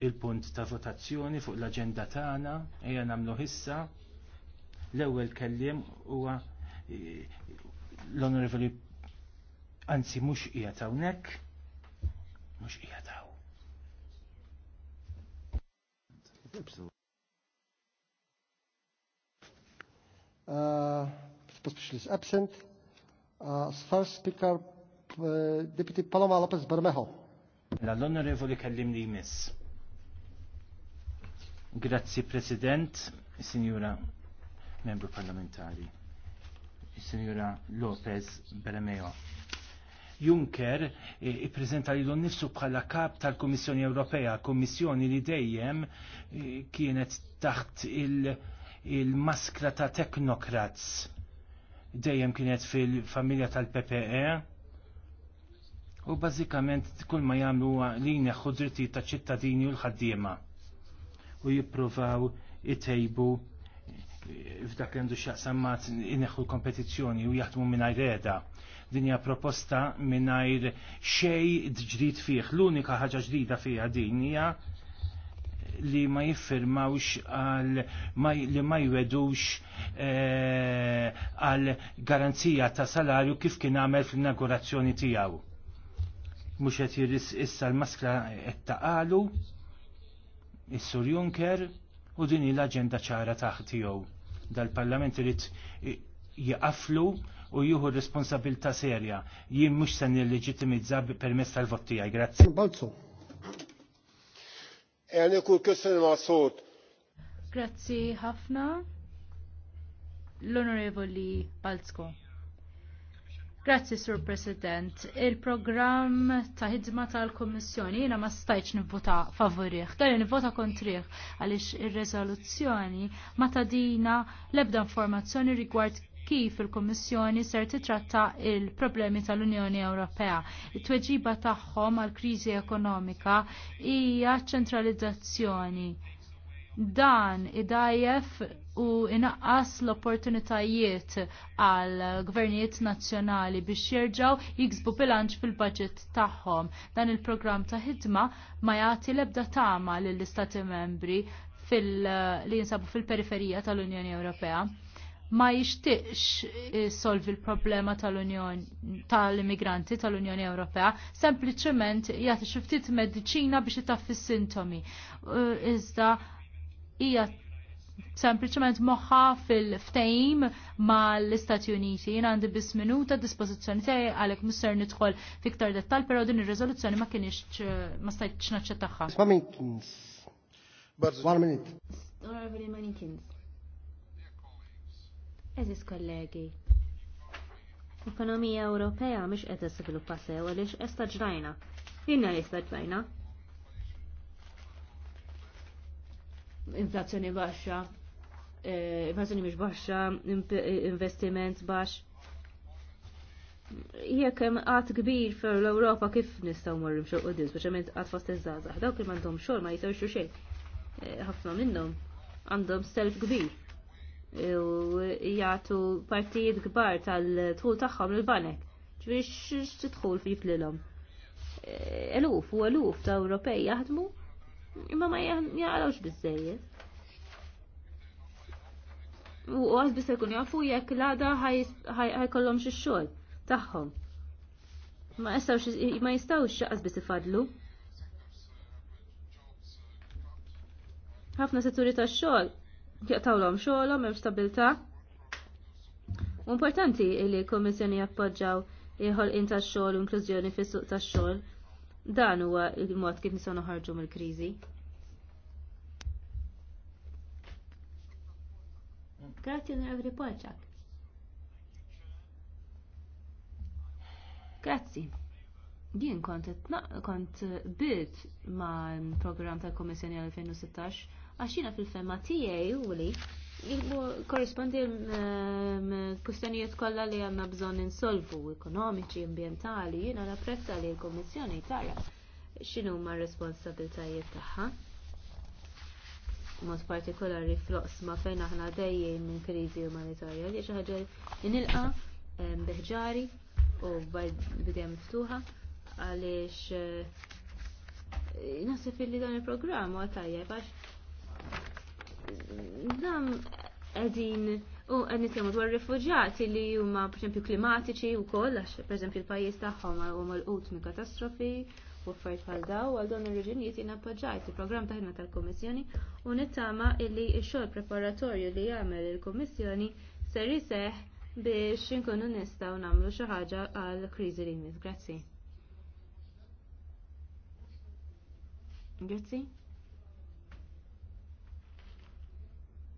il-punt ta' votazzjoni fuq l-agenda tagħna ejja nagħmlu issa l-ewwel kelliem huwa eh, l-onorevoli anzi mhux qiegħed hawnhekk mhux qiegħed uh, ta' specialist absent. Uh, first speaker, uh, Deputy Paloma Lopez Bermejo. Mela, l-onorevoli kellimni jmiss. Grazzi President, Signora Membru Parlamentari, Signora Lopez Beremeo. Juncker eh, ippreżenta li l nifsu bħala kap tal-Komissjoni Ewropea, Komissjoni li dejjem eh, kienet taħt il-maskra ta' teknokrats. Dejjem kienet fil-familja tal-PPE. U bażikament kull ma jagħmlu li jneħħu ta' ċittadini u l-ħaddiema u jippruvaw itejbu f'dak li għandu xaqsammat ma ineħħu l-kompetizzjoni u jaħdmu mingħajr reda. Dinja proposta mingħajr xej ġdid fih. L-unika ħaġa ġdida fiha din hija li ma jiffirmawx għal li ma jwedux eh, għal garanzija ta' salarju kif kien għamel fl-inaugurazzjoni tiegħu. Mhux qed issa l-maskra qed taqalu is-Sur Juncker u din l-aġenda ċara taħt tiegħu. Dal-Parlament irid jaqaflu u jieħu responsabilta serja. Jien mhux se nilleġittimizza permezz tal-vot tiegħi. Grazzi. Balzu. Grazzi ħafna. L-Onorevoli Balzko. Grazzi, Sur President. Il-programm ta' ħidma tal-Kommissjoni jiena ma stajċ nivvota favorih, dan nivvota kontrih għaliex ir-reżoluzzjoni ma tadina lebda informazzjoni rigward kif il-Kommissjoni ser titratta il-problemi tal-Unjoni Ewropea. It-tweġiba tagħhom għall kriżi ekonomika hija ċentralizzazzjoni dan idajef u inaqqas l-opportunitajiet għal gvernijiet nazzjonali biex jirġaw jiksbu bilanċ fil-budget tagħhom. Dan il-programm ta' ħidma ma jagħti l-ebda tama lill-istati membri li jinsabu fil-periferija tal-Unjoni Ewropea ma jixtieqx solvi l-problema tal-Unjoni tal-immigranti tal-Unjoni Ewropea, sempliċement jagħti xi ftit mediċina biex itaffi s-sintomi. Iżda uh, hija sempliciment moħħa fil-ftejm ma l-Istati Uniti. Jien għandi bis minuta dispozizjoni tiegħi għalhekk mister nidħol fiktar dettal, però din ir-riżoluzzjoni ma kienx ma stajtx naċċettaħħa. Mamikins. One minute. Eżis kollegi. Ekonomija Ewropea mhix qed tiżviluppa sew għaliex estaġrajna. Jinna li estaġrajna. inflazzjoni baxxa, inflazzjoni mhix baxxa, investiment baxx. Jekk hemm qatt kbir fer l-Ewropa kif nistgħu morru mxuq biex speċjalment qatt fost iż-żgħażagħ, dawk li m'għandhom xogħol ma jsewxu xejn. Ħafna minnhom għandhom self kbir u jagħtu partijiet kbar tal-tħul tagħhom il banek Ġbiex tidħul fi flilhom. Eluf u eluf ta' Ewropej jaħdmu imma ma jaqrawx bizzejiet. U għaz bis jkun jafu jekk l-għada ħajkollhom xi xogħol tagħhom. Ma jistgħux ma jistgħux xaqas biss ifadlu. Ħafna setturi tax-xogħol jaqtawlhom xogħolhom hemm stabilità. Importanti li l-Kommissjoni jappoġġaw il-ħolqien tax-xogħol u inklużjoni fis-suq tax-xogħol Dan huwa il-mod kif nistgħu noħarġu mill-kriżi. Grazzi Evri Polċak. Grazzi. Jien kont kont bid ma' program tal-Komissjoni għal-2016 għax jiena fil-fema tiegħi u li korrispondi kustenijiet kollha li għandna bżonn insolvu ekonomiċi, ambjentali, jiena napprezza li l-Kummissjoni tara x'inhu ma' responsabiltajiet tagħha. Mod partikolari ma' fejn aħna dejjem minn kriżi umanitarja li xi ħaġa inilqa beħġari u bidja miftuħa għaliex eh, naħseb illi dan il-programm huwa tajjeb għax dam qegħdin u qed nitkellmu dwar rifuġjati li huma esempio klimatiċi wkoll għax il l-pajjiż tagħhom huma l-qut minn katastrofi u fajt bħal daw għal dawn ir-riġunijiet jien appoġġajt il-programm ta' tal-Kummissjoni u nittama illi x-xogħol preparatorju li jagħmel il-Kummissjoni ser biex inkunu nistgħu nagħmlu xi ħaġa għall kriżi li jmiss. Grazzi. Grazzi.